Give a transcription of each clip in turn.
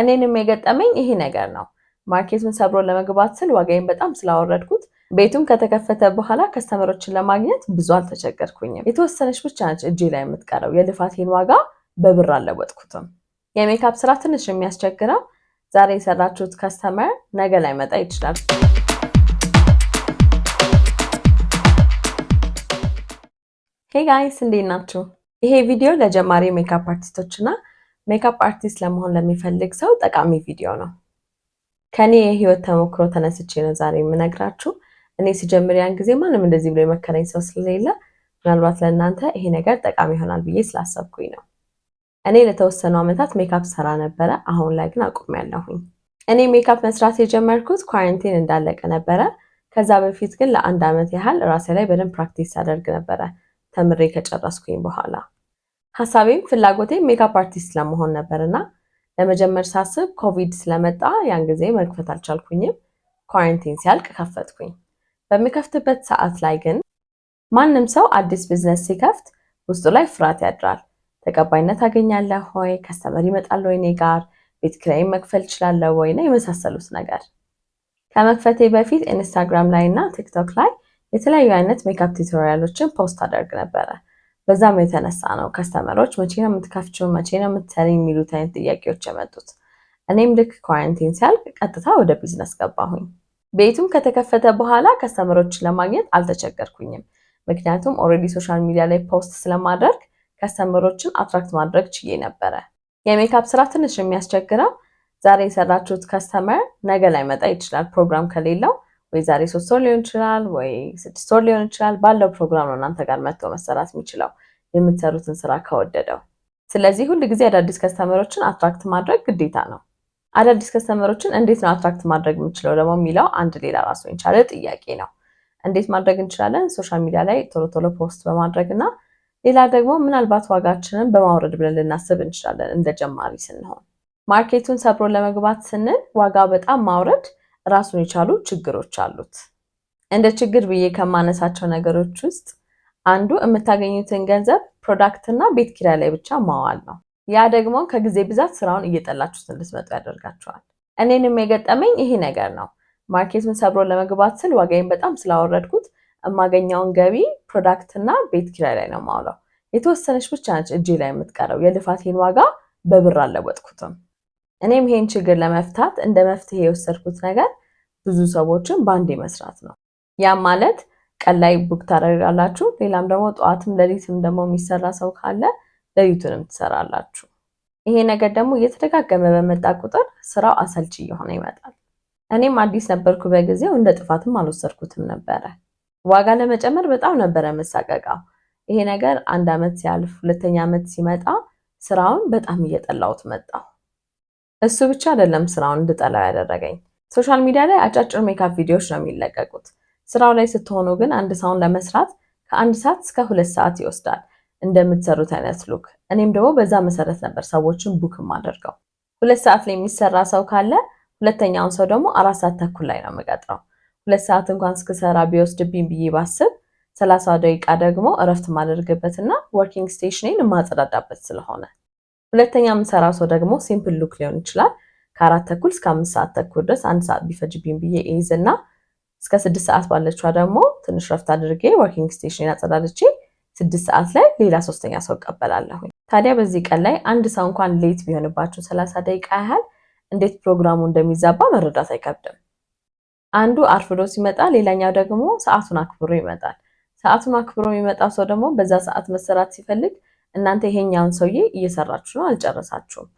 እኔንም የገጠመኝ ይሄ ነገር ነው። ማርኬቱን ሰብሮ ለመግባት ስል ዋጋዬን በጣም ስላወረድኩት ቤቱም ከተከፈተ በኋላ ከስተመሮችን ለማግኘት ብዙ አልተቸገርኩኝም። የተወሰነች ብቻ ነች እጄ ላይ የምትቀረው። የልፋቴን ዋጋ በብር አለወጥኩትም። የሜካፕ ስራ ትንሽ የሚያስቸግረው ዛሬ የሰራችሁት ከስተመር ነገ ላይመጣ ይችላል። ሄይ ጋይስ እንዴት ናችሁ? ይሄ ቪዲዮ ለጀማሪ ሜካፕ አርቲስቶች ሜካፕ አርቲስት ለመሆን ለሚፈልግ ሰው ጠቃሚ ቪዲዮ ነው። ከኔ የህይወት ተሞክሮ ተነስቼ ነው ዛሬ የምነግራችሁ። እኔ ሲጀምር ያን ጊዜ ማንም እንደዚህ ብሎ የመከረኝ ሰው ስለሌለ ምናልባት ለእናንተ ይሄ ነገር ጠቃሚ ይሆናል ብዬ ስላሰብኩኝ ነው። እኔ ለተወሰኑ ዓመታት ሜካፕ ሰራ ነበረ። አሁን ላይ ግን አቁሜያለሁኝ። እኔ ሜካፕ መስራት የጀመርኩት ኳረንቲን እንዳለቀ ነበረ። ከዛ በፊት ግን ለአንድ ዓመት ያህል ራሴ ላይ በደንብ ፕራክቲስ አደርግ ነበረ ተምሬ ከጨረስኩኝ በኋላ ሀሳቤም ፍላጎቴ ሜካፕ አርቲስት ለመሆን ነበር እና ለመጀመር ሳስብ ኮቪድ ስለመጣ ያን ጊዜ መክፈት አልቻልኩኝም። ኳረንቲን ሲያልቅ ከፈትኩኝ። በሚከፍትበት ሰዓት ላይ ግን ማንም ሰው አዲስ ቢዝነስ ሲከፍት ውስጡ ላይ ፍርሃት ያድራል። ተቀባይነት አገኛለሁ ሆይ? ከስተመር ይመጣል ወይኔ ጋር ቤት ኪራይም መክፈል እችላለሁ ወይ? ነው የመሳሰሉት ነገር። ከመክፈቴ በፊት ኢንስታግራም ላይ እና ቲክቶክ ላይ የተለያዩ አይነት ሜካፕ ቱቶሪያሎችን ፖስት አደርግ ነበረ። በዛም የተነሳ ነው ከስተመሮች መቼ ነው የምትከፍችው፣ መቼ ነው የምትሰሪ የሚሉት አይነት ጥያቄዎች የመጡት። እኔም ልክ ኳረንቲን ሲያልቅ ቀጥታ ወደ ቢዝነስ ገባሁኝ። ቤቱም ከተከፈተ በኋላ ከስተመሮችን ለማግኘት አልተቸገርኩኝም። ምክንያቱም ኦልሬዲ ሶሻል ሚዲያ ላይ ፖስት ስለማድረግ ከስተመሮችን አትራክት ማድረግ ችዬ ነበረ። የሜካፕ ስራ ትንሽ የሚያስቸግረው ዛሬ የሰራችሁት ከስተመር ነገ ላይመጣ ይችላል ፕሮግራም ከሌለው ወይ ዛሬ ሶስት ወር ሊሆን ይችላል፣ ወይ ስድስት ወር ሊሆን ይችላል። ባለው ፕሮግራም ነው እናንተ ጋር መጥቶ መሰራት የሚችለው የምትሰሩትን ስራ ከወደደው። ስለዚህ ሁል ጊዜ አዳዲስ ከስተመሮችን አትራክት ማድረግ ግዴታ ነው። አዳዲስ ከስተመሮችን እንዴት ነው አትራክት ማድረግ የምችለው ደግሞ የሚለው አንድ ሌላ ራሱ የቻለ ጥያቄ ነው። እንዴት ማድረግ እንችላለን? ሶሻል ሚዲያ ላይ ቶሎ ቶሎ ፖስት በማድረግ እና ሌላ ደግሞ ምናልባት ዋጋችንን በማውረድ ብለን ልናስብ እንችላለን እንደ ጀማሪ ስንሆን። ማርኬቱን ሰብሮ ለመግባት ስንል ዋጋ በጣም ማውረድ ራሱን የቻሉ ችግሮች አሉት። እንደ ችግር ብዬ ከማነሳቸው ነገሮች ውስጥ አንዱ የምታገኙትን ገንዘብ ፕሮዳክትና ቤት ኪራይ ላይ ብቻ ማዋል ነው። ያ ደግሞ ከጊዜ ብዛት ስራውን እየጠላችሁት እንድትመጡ ያደርጋቸዋል። እኔንም የገጠመኝ ይሄ ነገር ነው። ማርኬቱን ሰብሮ ለመግባት ስል ዋጋዬን በጣም ስላወረድኩት የማገኘውን ገቢ ፕሮዳክትና ቤት ኪራይ ላይ ነው ማውለው። የተወሰነች ብቻ ነች እጄ ላይ የምትቀረው። የልፋቴን ዋጋ በብር አለወጥኩትም። እኔም ይሄን ችግር ለመፍታት እንደ መፍትሄ የወሰድኩት ነገር ብዙ ሰዎችን በአንዴ መስራት ነው። ያም ማለት ቀን ላይ ቡክ ታደርጋላችሁ። ሌላም ደግሞ ጠዋትም ሌሊትም ደግሞ የሚሰራ ሰው ካለ ሌሊቱንም ትሰራላችሁ። ይሄ ነገር ደግሞ እየተደጋገመ በመጣ ቁጥር ስራው አሰልቺ እየሆነ ይመጣል። እኔም አዲስ ነበርኩ በጊዜው እንደ ጥፋትም አልወሰድኩትም ነበረ። ዋጋ ለመጨመር በጣም ነበረ መሳቀቃው። ይሄ ነገር አንድ አመት ሲያልፍ ሁለተኛ አመት ሲመጣ ስራውን በጣም እየጠላሁት መጣሁ። እሱ ብቻ አይደለም ስራውን እንድጠላው ያደረገኝ። ሶሻል ሚዲያ ላይ አጫጭር ሜካፕ ቪዲዮዎች ነው የሚለቀቁት። ስራው ላይ ስትሆኑ ግን አንድ ሰውን ለመስራት ከአንድ ሰዓት እስከ ሁለት ሰዓት ይወስዳል እንደምትሰሩት አይነት ሉክ። እኔም ደግሞ በዛ መሰረት ነበር ሰዎችን ቡክ ማደርገው። ሁለት ሰዓት ላይ የሚሰራ ሰው ካለ ሁለተኛውን ሰው ደግሞ አራት ሰዓት ተኩል ላይ ነው የምቀጥረው። ሁለት ሰዓት እንኳን እስክሰራ ቢወስድብኝ ብዬ ባስብ ሰላሳ ደቂቃ ደግሞ እረፍት ማደርግበትና ወርኪንግ ስቴሽኔን የማጸዳዳበት ስለሆነ ሁለተኛ ምሰራ ሰው ደግሞ ሲምፕል ሉክ ሊሆን ይችላል። ከአራት ተኩል እስከ አምስት ሰዓት ተኩል ድረስ አንድ ሰዓት ቢፈጅብኝ ብዬ እይዝና እስከ ስድስት ሰዓት ባለችዋ ደግሞ ትንሽ ረፍት አድርጌ ወርኪንግ ስቴሽን ያጸዳልቼ ስድስት ሰዓት ላይ ሌላ ሶስተኛ ሰው ቀበላለሁ። ታዲያ በዚህ ቀን ላይ አንድ ሰው እንኳን ሌት ቢሆንባቸው ሰላሳ ደቂቃ ያህል እንዴት ፕሮግራሙ እንደሚዛባ መረዳት አይከብድም። አንዱ አርፍዶ ሲመጣ ሌላኛው ደግሞ ሰዓቱን አክብሮ ይመጣል። ሰዓቱን አክብሮ የሚመጣው ሰው ደግሞ በዛ ሰዓት መሰራት ሲፈልግ እናንተ ይሄኛውን ሰውዬ እየሰራችሁ ነው፣ አልጨረሳችሁም።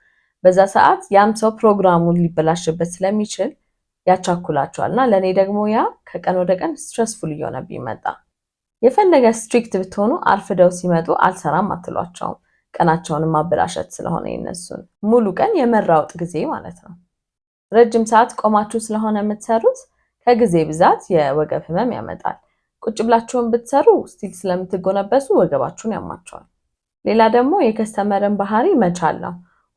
በዛ ሰዓት ያም ሰው ፕሮግራሙን ሊበላሽበት ስለሚችል ያቻኩላችኋል እና ለእኔ ደግሞ ያ ከቀን ወደ ቀን ስትረስፉል እየሆነብኝ መጣ። የፈለገ ስትሪክት ብትሆኑ አርፍደው ሲመጡ አልሰራም አትሏቸውም። ቀናቸውን ማበላሸት ስለሆነ የነሱን ሙሉ ቀን የመራወጥ ጊዜ ማለት ነው። ረጅም ሰዓት ቆማችሁ ስለሆነ የምትሰሩት ከጊዜ ብዛት የወገብ ህመም ያመጣል። ቁጭ ብላችሁን ብትሰሩ ስቲል ስለምትጎነበሱ ወገባችሁን ያማቸዋል። ሌላ ደግሞ የከስተመርን ባህሪ መቻል ነው።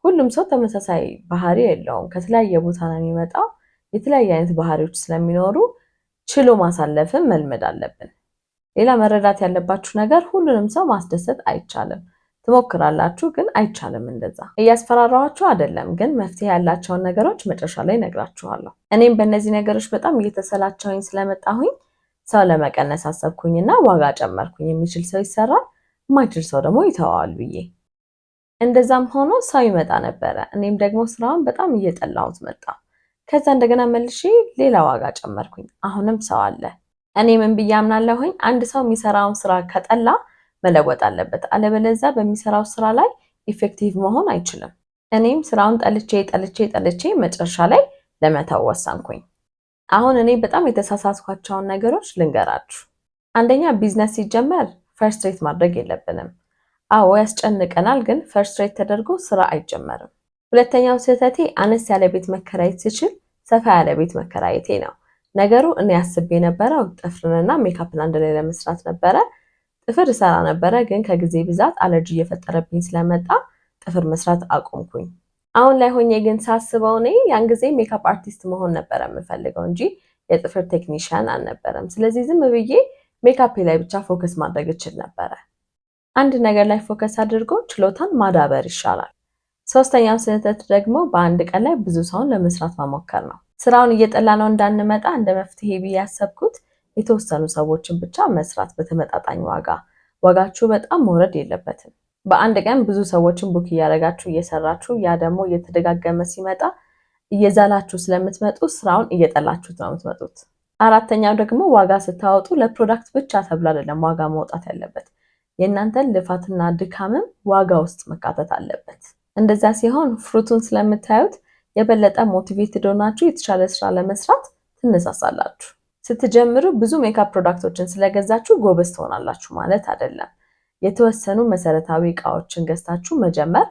ሁሉም ሰው ተመሳሳይ ባህሪ የለውም። ከተለያየ ቦታ ነው የሚመጣው። የተለያየ አይነት ባህሪዎች ስለሚኖሩ ችሎ ማሳለፍን መልመድ አለብን። ሌላ መረዳት ያለባችሁ ነገር ሁሉንም ሰው ማስደሰት አይቻልም። ትሞክራላችሁ፣ ግን አይቻልም። እንደዛ እያስፈራራኋችሁ አይደለም፣ ግን መፍትሄ ያላቸውን ነገሮች መጨረሻ ላይ ነግራችኋለሁ። እኔም በእነዚህ ነገሮች በጣም እየተሰላቸውኝ ስለመጣሁኝ ሰው ለመቀነስ አሰብኩኝና ዋጋ ጨመርኩኝ። የሚችል ሰው ይሰራል የማይችል ሰው ደግሞ ይተዋዋል ብዬ እንደዛም ሆኖ ሰው ይመጣ ነበረ። እኔም ደግሞ ስራውን በጣም እየጠላሁት መጣ። ከዛ እንደገና መልሼ ሌላ ዋጋ ጨመርኩኝ። አሁንም ሰው አለ። እኔ ምን ብዬ አምናለሁኝ፣ አንድ ሰው የሚሰራውን ስራ ከጠላ መለወጥ አለበት፣ አለበለዛ በሚሰራው ስራ ላይ ኢፌክቲቭ መሆን አይችልም። እኔም ስራውን ጠልቼ ጠልቼ ጠልቼ መጨረሻ ላይ ለመተው ወሰንኩኝ። አሁን እኔ በጣም የተሳሳትኳቸውን ነገሮች ልንገራችሁ። አንደኛ ቢዝነስ ሲጀመር ሬት ማድረግ የለብንም። አዎ ያስጨንቀናል፣ ግን ፈርስትሬት ተደርጎ ስራ አይጀመርም። ሁለተኛው ስህተቴ አነስ ያለ ቤት መከራየት ስችል ሰፋ ያለ ቤት መከራየቴ ነው። ነገሩ እኔ አስቤ የነበረው ጥፍርንና ሜካፕን አንድ ላይ ለመስራት ነበረ። ጥፍር እሰራ ነበረ፣ ግን ከጊዜ ብዛት አለርጂ እየፈጠረብኝ ስለመጣ ጥፍር መስራት አቆምኩኝ። አሁን ላይ ሆኜ ግን ሳስበው እኔ ያን ጊዜ ሜካፕ አርቲስት መሆን ነበረ የምፈልገው እንጂ የጥፍር ቴክኒሽያን አልነበረም። ስለዚህ ዝም ብዬ ሜካፔ ላይ ብቻ ፎከስ ማድረግ እችል ነበረ። አንድ ነገር ላይ ፎከስ አድርጎ ችሎታን ማዳበር ይሻላል። ሶስተኛው ስህተት ደግሞ በአንድ ቀን ላይ ብዙ ሰውን ለመስራት መሞከር ነው። ስራውን እየጠላ ነው እንዳንመጣ እንደ መፍትሄ ብዬ ያሰብኩት የተወሰኑ ሰዎችን ብቻ መስራት በተመጣጣኝ ዋጋ። ዋጋችሁ በጣም መውረድ የለበትም። በአንድ ቀን ብዙ ሰዎችን ቡክ እያደረጋችሁ እየሰራችሁ፣ ያ ደግሞ እየተደጋገመ ሲመጣ እየዛላችሁ ስለምትመጡ ስራውን እየጠላችሁት ነው የምትመጡት። አራተኛው ደግሞ ዋጋ ስታወጡ ለፕሮዳክት ብቻ ተብሎ አይደለም ዋጋ መውጣት ያለበት። የእናንተን ልፋትና ድካምም ዋጋ ውስጥ መካተት አለበት። እንደዛ ሲሆን ፍሩቱን ስለምታዩት የበለጠ ሞቲቬትድ ሆናችሁ የተሻለ ስራ ለመስራት ትነሳሳላችሁ። ስትጀምሩ ብዙ ሜካፕ ፕሮዳክቶችን ስለገዛችሁ ጎበዝ ትሆናላችሁ ማለት አይደለም። የተወሰኑ መሰረታዊ እቃዎችን ገዝታችሁ መጀመር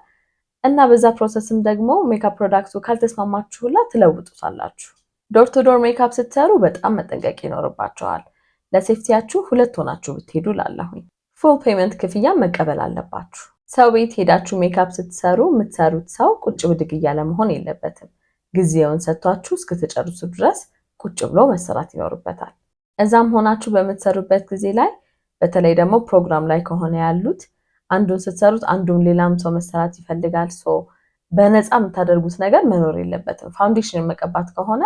እና በዛ ፕሮሰስም ደግሞ ሜካፕ ፕሮዳክቱ ካልተስማማችሁላ ትለውጡታላችሁ። ዶር ቱ ዶር ሜካፕ ስትሰሩ በጣም መጠንቀቅ ይኖርባቸዋል። ለሴፍቲያችሁ ሁለት ሆናችሁ ብትሄዱ ላለሁኝ ፉል ፔመንት ክፍያ መቀበል አለባችሁ። ሰው ቤት ሄዳችሁ ሜካፕ ስትሰሩ የምትሰሩት ሰው ቁጭ ብድግ እያለ መሆን የለበትም። ጊዜውን ሰጥቷችሁ እስክትጨርሱ ድረስ ቁጭ ብሎ መሰራት ይኖርበታል። እዛም ሆናችሁ በምትሰሩበት ጊዜ ላይ በተለይ ደግሞ ፕሮግራም ላይ ከሆነ ያሉት አንዱን ስትሰሩት አንዱም ሌላም ሰው መሰራት ይፈልጋል። ሶ በነፃ የምታደርጉት ነገር መኖር የለበትም። ፋውንዴሽን መቀባት ከሆነ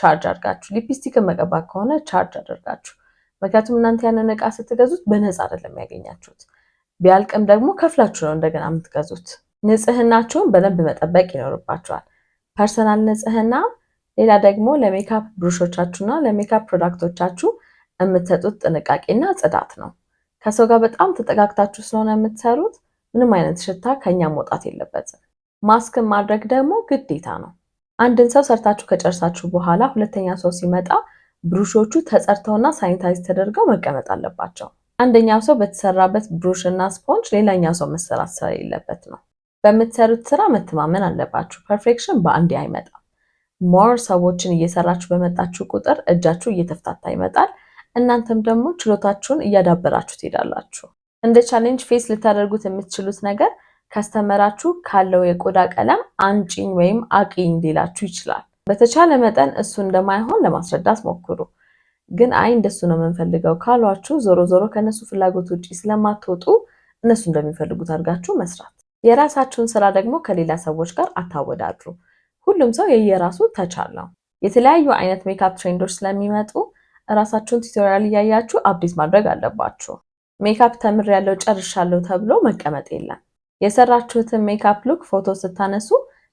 ቻርጅ አድርጋችሁ፣ ሊፕስቲክን መቀባት ከሆነ ቻርጅ አድርጋችሁ። ምክንያቱም እናንተ ያንን እቃ ስትገዙት በነፃ አይደለም ያገኛችሁት። ቢያልቅም ደግሞ ከፍላችሁ ነው እንደገና የምትገዙት። ንጽህናችሁን በደንብ መጠበቅ ይኖርባችኋል። ፐርሰናል ንጽህና፣ ሌላ ደግሞ ለሜካፕ ብሩሾቻችሁና ለሜካፕ ፕሮዳክቶቻችሁ የምትሰጡት ጥንቃቄና ጽዳት ነው። ከሰው ጋር በጣም ተጠጋግታችሁ ስለሆነ የምትሰሩት ምንም አይነት ሽታ ከእኛ መውጣት የለበትም። ማስክን ማድረግ ደግሞ ግዴታ ነው። አንድን ሰው ሰርታችሁ ከጨርሳችሁ በኋላ ሁለተኛ ሰው ሲመጣ ብሩሾቹ ተጸርተውና ሳኒታይዝ ተደርገው መቀመጥ አለባቸው። አንደኛው ሰው በተሰራበት ብሩሽ እና ስፖንጅ ሌላኛው ሰው መሰራት ስለሌለበት ነው። በምትሰሩት ስራ መተማመን አለባችሁ። ፐርፌክሽን በአንዴ አይመጣም። ሞር ሰዎችን እየሰራችሁ በመጣችሁ ቁጥር እጃችሁ እየተፍታታ ይመጣል። እናንተም ደግሞ ችሎታችሁን እያዳበራችሁ ትሄዳላችሁ። እንደ ቻሌንጅ ፌስ ልታደርጉት የምትችሉት ነገር ከስተመራችሁ ካለው የቆዳ ቀለም አንጭኝ ወይም አቂኝ ሊላችሁ ይችላል። በተቻለ መጠን እሱ እንደማይሆን ለማስረዳት ሞክሩ። ግን አይ እንደሱ ነው የምንፈልገው ካሏችሁ ዞሮ ዞሮ ከእነሱ ፍላጎት ውጪ ስለማትወጡ እነሱ እንደሚፈልጉት አድርጋችሁ መስራት። የራሳችሁን ስራ ደግሞ ከሌላ ሰዎች ጋር አታወዳድሩ። ሁሉም ሰው የየራሱ ተቻለው። የተለያዩ አይነት ሜካፕ ትሬንዶች ስለሚመጡ እራሳችሁን ቱቶሪያል እያያችሁ አፕዴት ማድረግ አለባችሁ። ሜካፕ ተምሬያለሁ ጨርሻለሁ ተብሎ መቀመጥ የለም። የሰራችሁትን ሜካፕ ሉክ ፎቶ ስታነሱ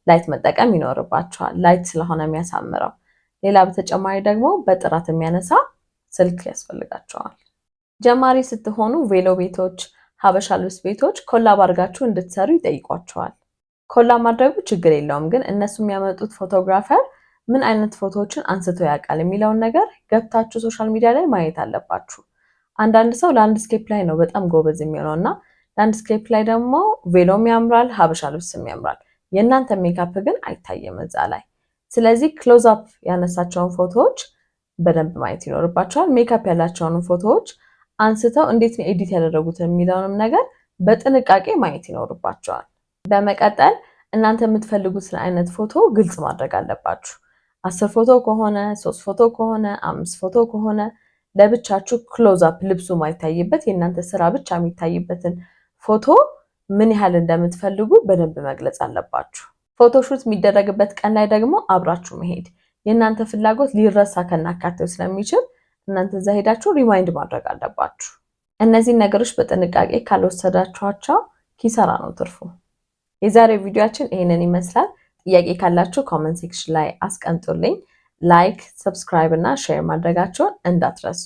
ላይት መጠቀም ይኖርባቸዋል። ላይት ስለሆነ የሚያሳምረው። ሌላ በተጨማሪ ደግሞ በጥራት የሚያነሳ ስልክ ያስፈልጋቸዋል። ጀማሪ ስትሆኑ ቬሎ ቤቶች፣ ሀበሻ ልብስ ቤቶች ኮላብ አድርጋችሁ እንድትሰሩ ይጠይቋቸዋል። ኮላብ ማድረጉ ችግር የለውም፣ ግን እነሱ የሚያመጡት ፎቶግራፈር ምን አይነት ፎቶዎችን አንስቶ ያውቃል የሚለውን ነገር ገብታችሁ ሶሻል ሚዲያ ላይ ማየት አለባችሁ። አንዳንድ ሰው ላንድስኬፕ ላይ ነው በጣም ጎበዝ የሚሆነው እና ላንድስኬፕ ላይ ደግሞ ቬሎም ያምራል፣ ሀበሻ ልብስም ያምራል። የእናንተ ሜካፕ ግን አይታየም እዛ ላይ። ስለዚህ ክሎዝ አፕ ያነሳቸውን ፎቶዎች በደንብ ማየት ይኖርባቸዋል። ሜካፕ ያላቸውንም ፎቶዎች አንስተው እንዴት ኤዲት ያደረጉትን የሚለውንም ነገር በጥንቃቄ ማየት ይኖርባቸዋል። በመቀጠል እናንተ የምትፈልጉትን አይነት ፎቶ ግልጽ ማድረግ አለባችሁ። አስር ፎቶ ከሆነ ሶስት ፎቶ ከሆነ አምስት ፎቶ ከሆነ ለብቻችሁ ክሎዝ አፕ ልብሱ ማይታይበት የእናንተ ስራ ብቻ የሚታይበትን ፎቶ ምን ያህል እንደምትፈልጉ በደንብ መግለጽ አለባችሁ። ፎቶሹት የሚደረግበት ቀን ላይ ደግሞ አብራችሁ መሄድ የእናንተ ፍላጎት ሊረሳ ከናካቴው ስለሚችል እናንተ እዛ ሄዳችሁ ሪማይንድ ማድረግ አለባችሁ። እነዚህን ነገሮች በጥንቃቄ ካልወሰዳችኋቸው ኪሰራ ነው ትርፉ። የዛሬው ቪዲዮችን ይህንን ይመስላል። ጥያቄ ካላችሁ ኮመንት ሴክሽን ላይ አስቀምጡልኝ። ላይክ፣ ሰብስክራይብ እና ሼር ማድረጋቸውን እንዳትረሱ።